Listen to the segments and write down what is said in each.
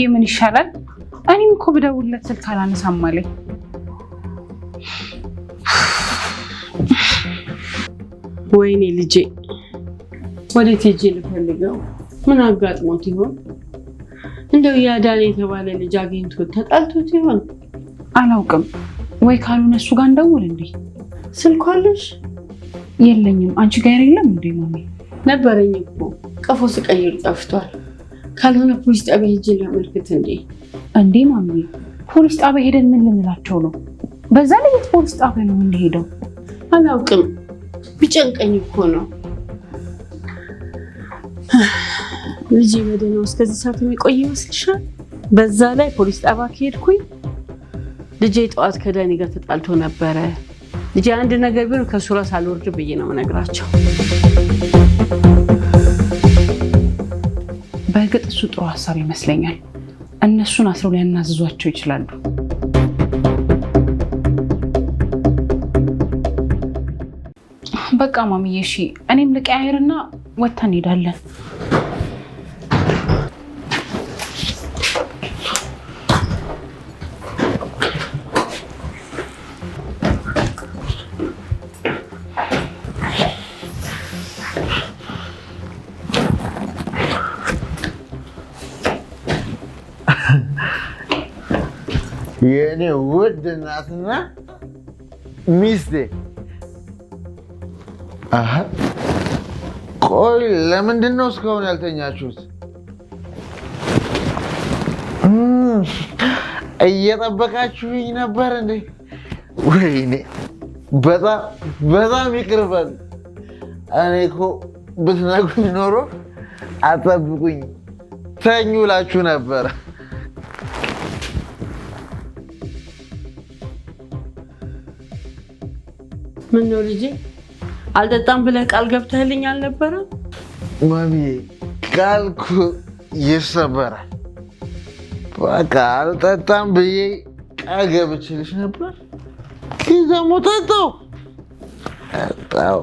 ብዬ ምን ይሻላል? እኔም እኮ ብደውልለት ስልክ አላነሳም አለኝ። ወይኔ ልጄ፣ ወዴት ሂጅ ልፈልገው? ምን አጋጥሞት ይሆን? እንደው ያዳን የተባለ ልጅ አግኝቶት ተጣልቶት ይሆን? አላውቅም። ወይ ካልሆነ እሱ ጋር እንደውል እንዴ። ስልኩ አለሽ? የለኝም። አንቺ ጋር የለም እንዴ? ማሚ ነበረኝ እኮ ቀፎ ስቀይር ጠፍቷል። ካልሆነ ፖሊስ ጣቢያ ሄጄ ላመልክት። እንዴ እንዴ፣ ማሚ ፖሊስ ጣቢያ ሄደን ምን ልንላቸው ነው? በዛ ላይ የት ፖሊስ ጣቢያ ነው የምንሄደው? አላውቅም፣ ቢጨንቀኝ እኮ ነው። ልጄ በደህናው እስከዚህ ሰዓት የሚቆይ ይመስልሻል? በዛ ላይ ፖሊስ ጣቢያ ከሄድኩኝ ልጄ ጠዋት ከዳኒ ጋር ተጣልቶ ነበረ። ልጄ አንድ ነገር ቢሆን ከሱ ራስ አልወርድ ብዬ ነው እነግራቸው ጥሩ ሀሳብ ይመስለኛል። እነሱን አስረው ሊያናዝዟቸው ይችላሉ። በቃ ማሚዬ፣ እሺ እኔም ልቀያየርና ወታ እንሄዳለን። የእኔ ውድ እናትና ሚስቴ። ቆይ ለምንድን ነው እስካሁን ያልተኛችሁት? እየጠበቃችሁኝ ነበር እንዴ? ወይኔ በጣም በጣም ይቅርበል። እኔ እኮ ብትነጉኝ ኖሮ አጠብቁኝ ተኙ እላችሁ ነበር። ምን ነው ልጄ፣ አልጠጣም ብለህ ቃል ገብተህልኝ አልነበረ? ማሚ ቃልኩ እኮ ይሰበራል። በቃ አልጠጣም ብዬ ቃል ገብቼልሽ ነበር። ኪዘሙ ጠጣው ጠጣው።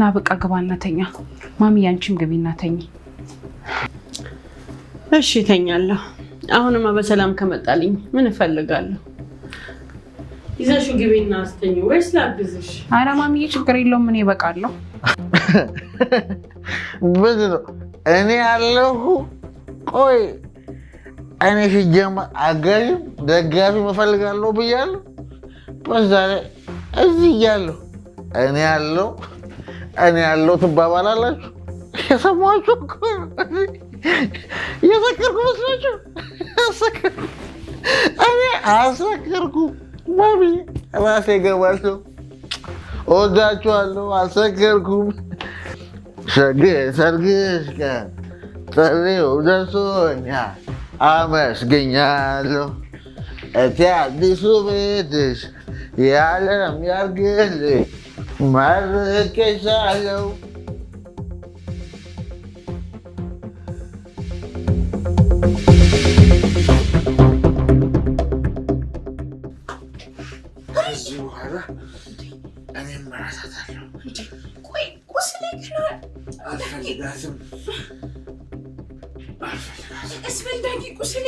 ና በቃ ግባ እናተኛ። ማሚ ያንቺም ግቢ እናተኝ። እሺ ተኛለሁ። አሁንማ በሰላም ከመጣልኝ ምን እፈልጋለሁ? ይዘሹ ግቢና አስተኝ ወይስ ላግዝሽ? ኧረ ማሚዬ ችግር የለውም እኔ እበቃለሁ። ብዙ ነው እኔ አለሁ ቆይ እኔ ሲጀመር አጋዥም ደጋፊ እፈልጋለሁ ብያለሁ። በዛ ላይ እዚህ እያለሁ እኔ ያለው እኔ ያለው ትባባላላችሁ። የሰማችሁ የሰከርኩ መስላችሁ? እኔ አልሰከርኩም። Mami, ela fica baixo. Onde a tua lua seca com. Cheguei, sarguesca. Saiu da sonha. Amas ames lo Até a desubentes. E olha a minha argüelha. Mas queixá-lo. እኔ እራሳታለሁ። ቆይ ቁስሌ ግን አልፈልጋትም፣ አልፈልጋትም። እስበልዳጊ ቁስሌ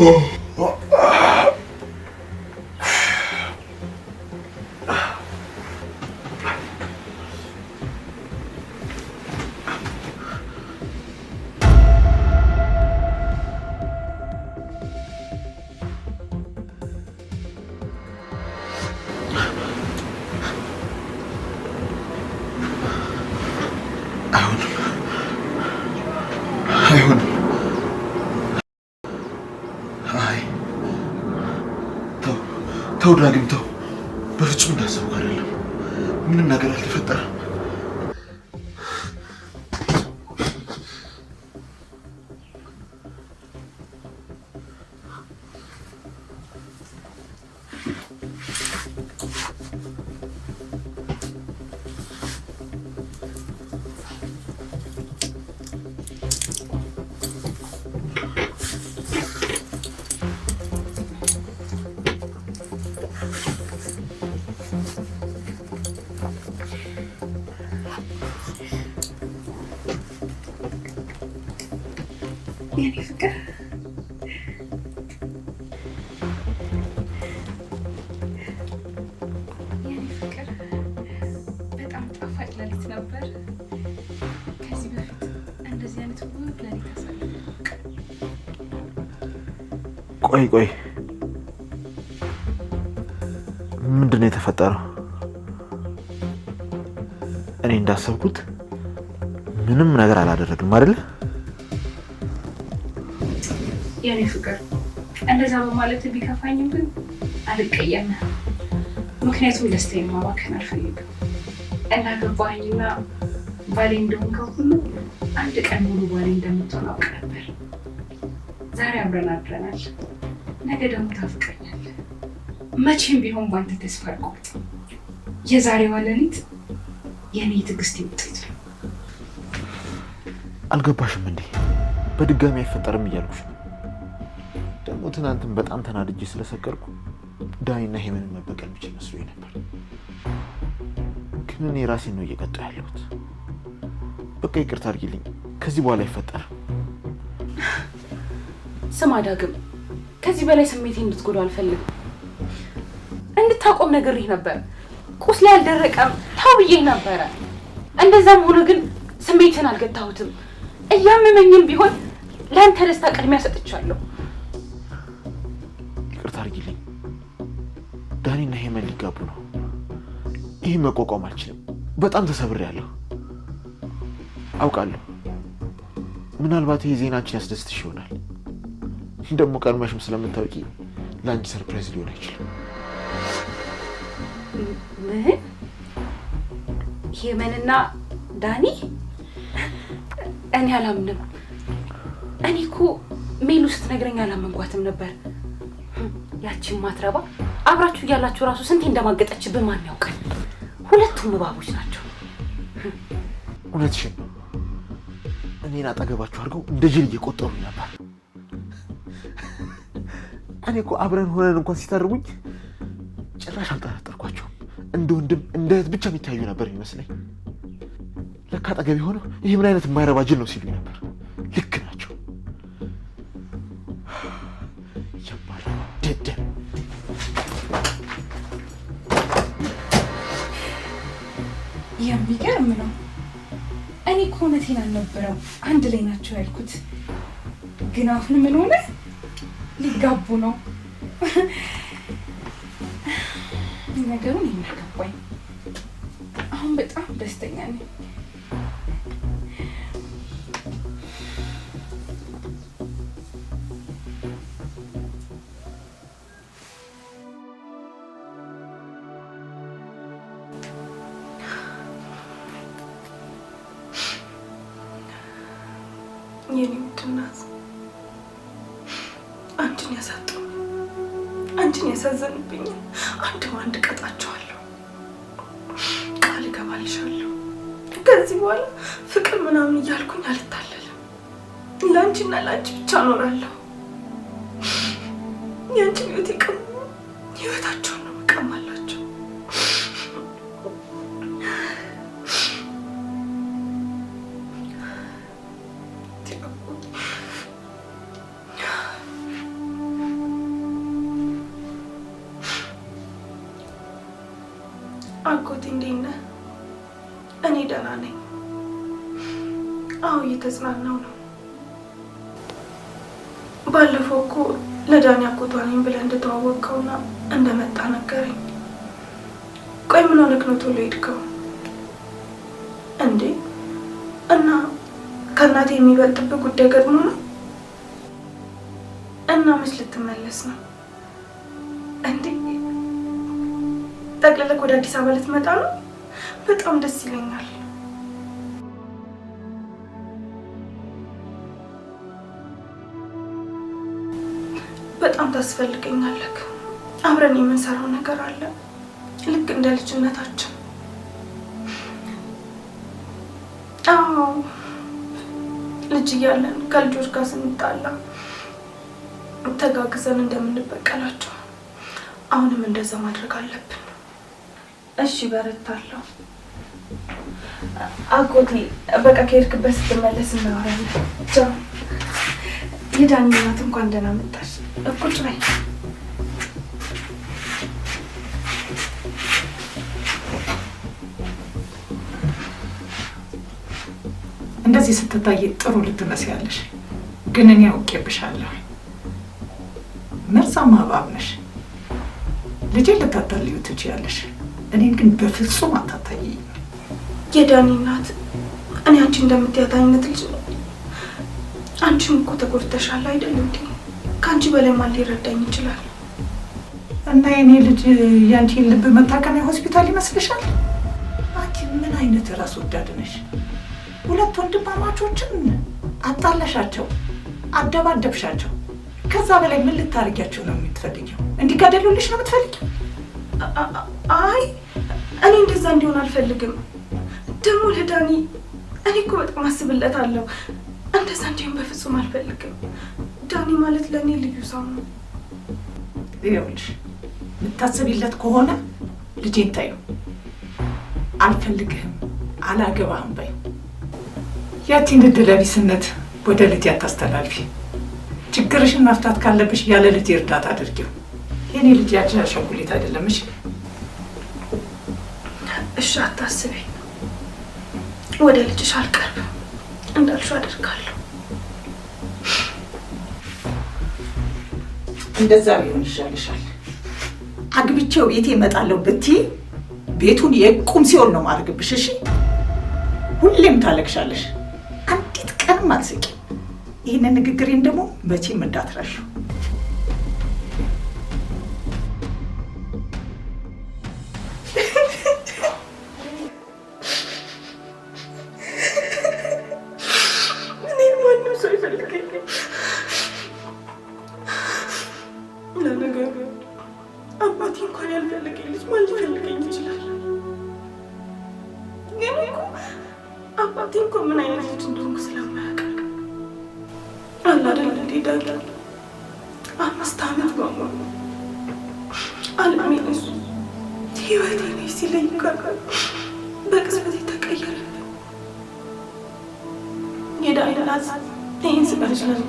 Oh. ተው ዳግም ተው። በፍጹም እንዳሰብኩ አይደለም። ምንም ነገር አልተፈጠረም። ቆይ ቆይ ምንድን ነው የተፈጠረው? እኔ እንዳሰብኩት ምንም ነገር አላደረግም አይደለ? የኔ ፍቅር እንደዛ በማለት ቢከፋኝም ግን አልቀየምህም። ምክንያቱም ደስታዬን ማባከን አልፈልግም እና ገባኝና ባሌ እንደሆንክ ሁሉ አንድ ቀን ሙሉ ባሌ እንደምትሆን አውቅ ነበር። ዛሬ አብረን አድረናል። ነገ ደግሞ ታፈቅረኛለህ። መቼም ቢሆን ባንተ ተስፋ አልቆርጥም። የዛሬዋ ሌሊት የእኔ ትዕግስት ውጤት ነው። አልገባሽም እንዴ? በድጋሚ አይፈጠርም እያልኩሽ ነው። ደግሞ ትናንትም በጣም ተናድጄ ስለሰቀርኩ ዳኒና ሄመንን መበቀል ብችል መስሎኝ ነበር። ግን እኔ ራሴን ነው እየቀጣሁ ያለሁት። በቃ ይቅርታ አድርጊልኝ። ከዚህ በኋላ አይፈጠርም። ስማ ዳግም ከዚህ በላይ ስሜቴ እንድትጎዳ አልፈልግም። እንድታቆም ነግሬህ ነበር። ቁስ ላይ አልደረቀም ተው ብዬህ ነበረ። እንደዛም ሆኖ ግን ስሜትን አልገታሁትም። እያመመኝም ቢሆን ለአንተ ደስታ ቅድሚያ ሰጥቻለሁ። ይቅርታ አድርጊልኝ። ዳኒና ሄመን ሊጋቡ ነው። ይህ መቋቋም አልችልም። በጣም ተሰብሬያለሁ። አውቃለሁ። ምናልባት ይህ ዜናችን ያስደስትሽ ይሆናል ደግሞ ቀድመሽም ስለምታውቂ ለአንቺ ሰርፕራይዝ ሊሆን አይችልም። ምን ዳኒ? እኔ አላምንም። እኔ እኮ ሜሉ ስትነግረኝ አላመንኳትም ነበር። ያቺን ማትረባ አብራችሁ እያላችሁ እራሱ ስንቴ እንደማገጠችብን ማን ያውቃል? ሁለቱም እባቦች ናቸው። እውነትሽን እኔን አጠገባችሁ አድርገው እንደ ጅል እየቆጠሩ ነበር። እኔ እኮ አብረን ሆነን እንኳን ሲተርቡኝ ጭራሽ አልጠረጠርኳቸውም። እንደ ወንድም እንደ እህት ብቻ የሚታዩ ነበር ይመስለኝ። ለካ አጠገብ የሆነው ይህ ምን አይነት የማይረባ ጅል ነው ሲሉኝ ነበር። ልክ ናቸው። የሚገርም ነው። እኔ እኮ እውነቴን አልነበረም አንድ ላይ ናቸው ያልኩት። ግን አሁን ምን ሆነ ሊጋቡ ነው። ነገሩን የሚያገባኝ አሁን በጣም ደስተኛ ነኝ። አልሻለሁ። ከዚህ በኋላ ፍቅር ምናምን እያልኩኝ አልታለልም። ለአንቺና ለአንቺ ብቻ እኖራለሁ። የአንቺን ህይወት እኮ ለዳኒ አጎቷ ነኝ ብለህ እንደተዋወቅከውና እንደመጣ ነገረኝ። ቆይ ምን ሆነክ ነው ቶሎ ሄድከው እንዴ? እና ከእናቴ የሚበልጥብህ ጉዳይ ገጥሞ ነው? እና መች ልትመለስ ነው እንዴ? ጠቅለለክ ወደ አዲስ አበባ ልትመጣ ነው? በጣም ደስ ይለኛል። በጣም ታስፈልገኛለህ። አብረን የምንሰራው ነገር አለ፣ ልክ እንደ ልጅነታችን። አዎ ልጅ እያለን ከልጆች ጋር ስንጣላ ተጋግዘን እንደምንበቀላቸው አሁንም እንደዛ ማድረግ አለብን። እሺ በረታለሁ። አጎቴ በቃ ከሄድክበት ስትመለስ እናወራለን። ጃ የዳኒ እናት እንኳን ደህና መጣሽ። ቁጭ በይ። እንደዚህ ስትታይ ጥሩ ልትመስያለሽ፣ ግን እኔ አውቄብሻለሁ። መርዛማ እባብ ነሽ። ልጄን ልታታልዩ ትችያለሽ፣ እኔን ግን በፍጹም አታታይ። የዳኒ እናት እኔ አንቺ እንደምትያታኝነት ልጅ ነው። አንቺም እኮ ተጎድተሻል አይደል እንዴ? ከአንቺ በላይ ማን ሊረዳኝ ይችላል? እና የኔ ልጅ ያንቺ ልብ መታከሚያ ሆስፒታል ይመስልሻል? አንቺ ምን አይነት ራስ ወዳድ ነሽ? ሁለት ወንድማማቾችን አጣለሻቸው፣ አደባደብሻቸው። ከዛ በላይ ምን ልታደርጊያቸው ነው የምትፈልጊው? እንዲገደሉልሽ ነው የምትፈልጊው? አይ እኔ እንደዛ እንዲሆን አልፈልግም። ደግሞ ለዳኒ እኔ እኮ በጣም አስብለታለሁ። እንደዛ እንዲሆን በፍጹም አልፈልግም። ዳኒ ማለት ለእኔ ልዩ ሰው ነው። ይኸውልሽ የምታስቢለት ከሆነ ልጄን ታየው። አልፈልግህም፣ አላገባህም በይ። ያቺን ዕድለቢስነት ወደ ልጄ አታስተላልፊ። ችግርሽን መፍታት ካለብሽ ያለ ልጄ እርዳታ አድርጊው። የኔ ልጅ ያችን አሻንጉሊት አይደለም። እሺ እሺ፣ አታስቢ። ወደ ልጅሽ አልቀርብም እንዳልሽው አደርጋለሁ። እንደዛ ቢሆን ይሻልሻል። አግብቼው ቤቴ እመጣለሁ ብትይ ቤቱን የቁም ሲሆን ነው ማድረግብሽ። እሺ፣ ሁሌም ታለቅሻለሽ፣ አንዲት ቀንም አትስቂም። ይህንን ንግግሬን ደግሞ መቼም እንዳትረሺው። አባቴ እኮ ምን አይነት ልጅ እንደሆንኩ ስለማያውቅ አላደለ ዳጊ አምስት በሙሉ እሱ ህይወቴ ሲለኝ በቅጽበት የዳይላዝ ይህን ስበልጅ ነው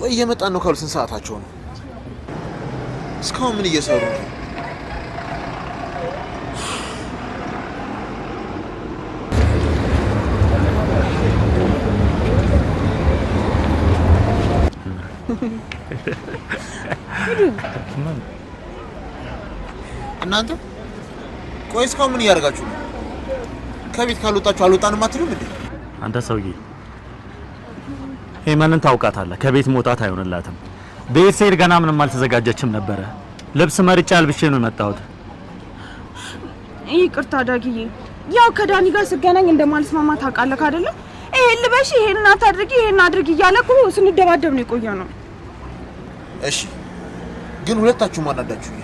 ቆይ እየመጣን ነው ካሉ ስንት ሰዓታቸው ነው? እስካሁን ምን እየሰሩ ነው? እናንተ ቆይ እስካሁን ምን እያደርጋችሁ ነው? ከቤት ካልወጣችሁ አልወጣንም አትሉም እንዴ? አንተ ሰውዬ ሄመንን ታውቃታለህ። ከቤት መውጣት አይሆንላትም። ቤት ስሄድ ገና ምንም አልተዘጋጀችም ነበረ። ልብስ መርጫ አልብሼ ነው የመጣሁት። ይቅርታ ዳግዬ፣ ያው ከዳኒ ጋር ስገናኝ እንደማልስማማ ታውቃለህ አይደለ? ይሄን ልበሽ፣ ይሄን አታድርጊ፣ ይሄን አድርጊ እያለ እኮ ስንደባደብ ነው የቆየ ነው። እሺ፣ ግን ሁለታችሁ ማናዳችሁ።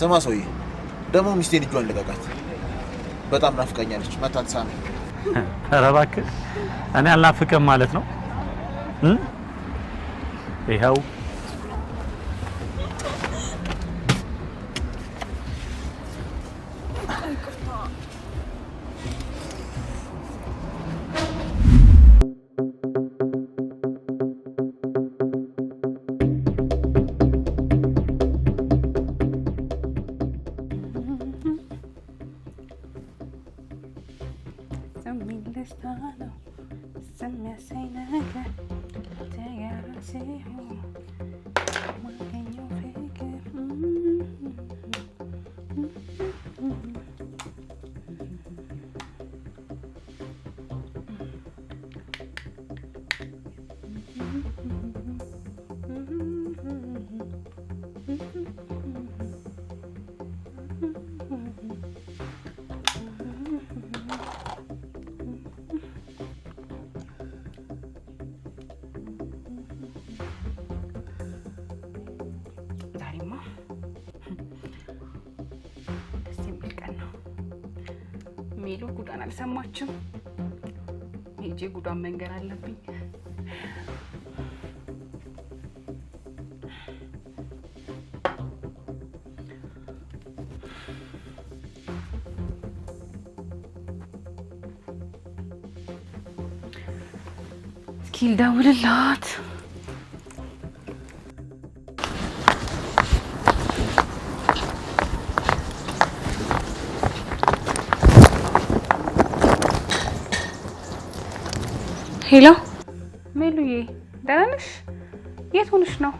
ስማ ሰውዬ፣ ደግሞ ሚስቴን እጇን ልቀቃት። በጣም ናፍቀኛለች። መታት ሳሚ። ኧረ እባክህ እኔ አላፍቅም ማለት ነው። ይኸው አልሰማችም። ሄጄ ጉዷን መንገር አለብኝ። እስኪ ልደውልላት። ሄሎ ሜሉዬ፣ ደህና ነሽ? የት ሆንሽ ነው?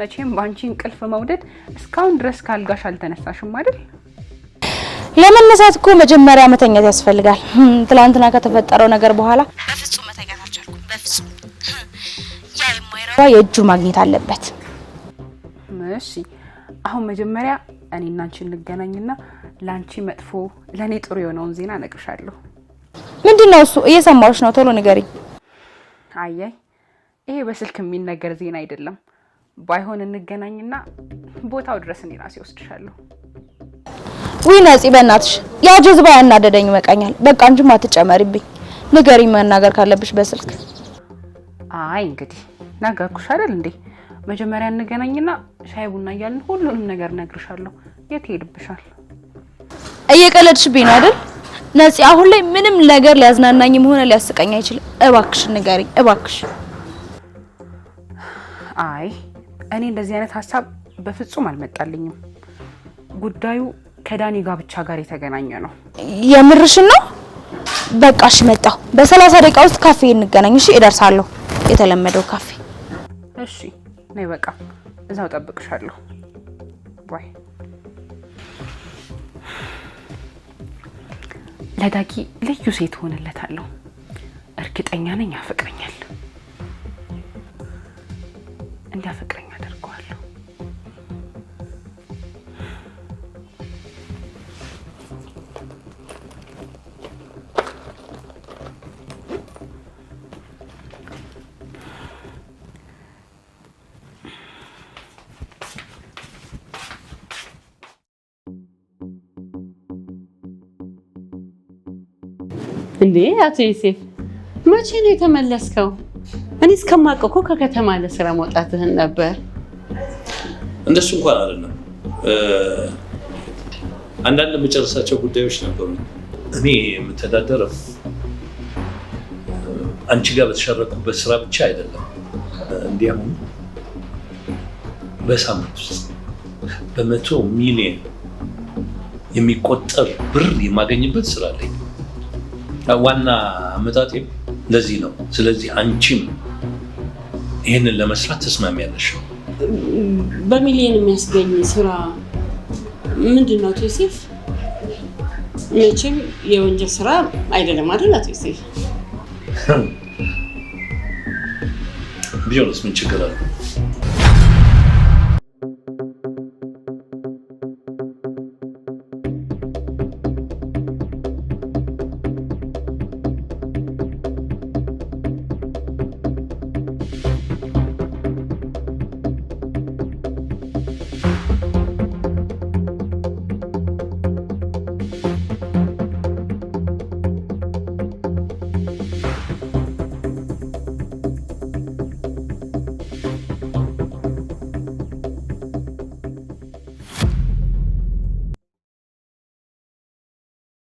መቼም በአንቺ እንቅልፍ መውደድ እስካሁን ድረስ ካልጋሽ አልተነሳሽም አይደል? ለመነሳት እኮ መጀመሪያ መተኛት ያስፈልጋል። ትላንትና ከተፈጠረው ነገር በኋላ በፍጹም መተኛት አልቻልኩም። በፍጹም ያ የማይረባ የእጁ ማግኘት አለበት። እሺ፣ አሁን መጀመሪያ እኔና አንቺ እንገናኝና ለአንቺ መጥፎ ለእኔ ጥሩ የሆነውን ዜና እነግርሻለሁ። ምንድን ነው እሱ? እየሰማሁሽ ነው፣ ቶሎ ንገሪኝ። አየይ ይሄ በስልክ የሚነገር ዜና አይደለም። ባይሆን እንገናኝና ቦታው ድረስ እኔ ራሴ ውይ ነፂ፣ በእናትሽ ያ ጀዝባ ያናደደኝ ይመቃኛል። በቃ እንጂም አትጨመሪብኝ። ንገሪኝ መናገር ካለብሽ በስልክ። አይ እንግዲህ ነገርኩሽ አይደል እንዴ። መጀመሪያ እንገናኝና ሻይ ቡና እያልን ሁሉንም ነገር እነግርሻለሁ። የት ሄድብሻል? እየቀለድሽብኝ ነው አይደል? ነፂ፣ አሁን ላይ ምንም ነገር ሊያዝናናኝም ሆነ ሊያስቀኝ አይችልም። እባክሽ ንገሪኝ፣ እባክሽ። አይ እኔ እንደዚህ አይነት ሀሳብ በፍጹም አልመጣልኝም። ጉዳዩ ከዳኒ ጋብቻ ጋር የተገናኘ ነው። የምርሽን ነው? በቃ እሺ፣ መጣሁ። በሰላሳ ደቂቃ ውስጥ ካፌ እንገናኝ። እሺ፣ እደርሳለሁ። የተለመደው ካፌ። እሺ፣ ነይ። በቃ እዛው ጠብቅሻለሁ። ባይ ለዳጊ ልዩ ሴት ሆንለታለሁ። እርግጠኛ ነኝ ያፈቅረኛል። እንዲያፈቅረኝ አደርገው እንዴ አቶ ዮሴፍ መቼ ነው የተመለስከው? እኔ እስከማውቀው እኮ ከከተማ ለስራ መውጣትህን ነበር። እንደሱ እንኳን አይደለም፣ አንዳንድ የምጨርሳቸው ጉዳዮች ነበሩ። እኔ የምተዳደረው አንቺ ጋር በተሸረኩበት ስራ ብቻ አይደለም። እንዲያውም በሳምንት ውስጥ በመቶ ሚሊዮን የሚቆጠር ብር የማገኝበት ስራ አለኝ። ዋና አመጣጤ ለዚህ ነው። ስለዚህ አንቺም ይህንን ለመስራት ተስማሚያለሽ። በሚሊዮን የሚያስገኝ ስራ ምንድን ነው ቶሴፍ መቼም የወንጀል ስራ አይደለም አይደል ቶሴፍ ቢሆንስ ምን ችግር አለው?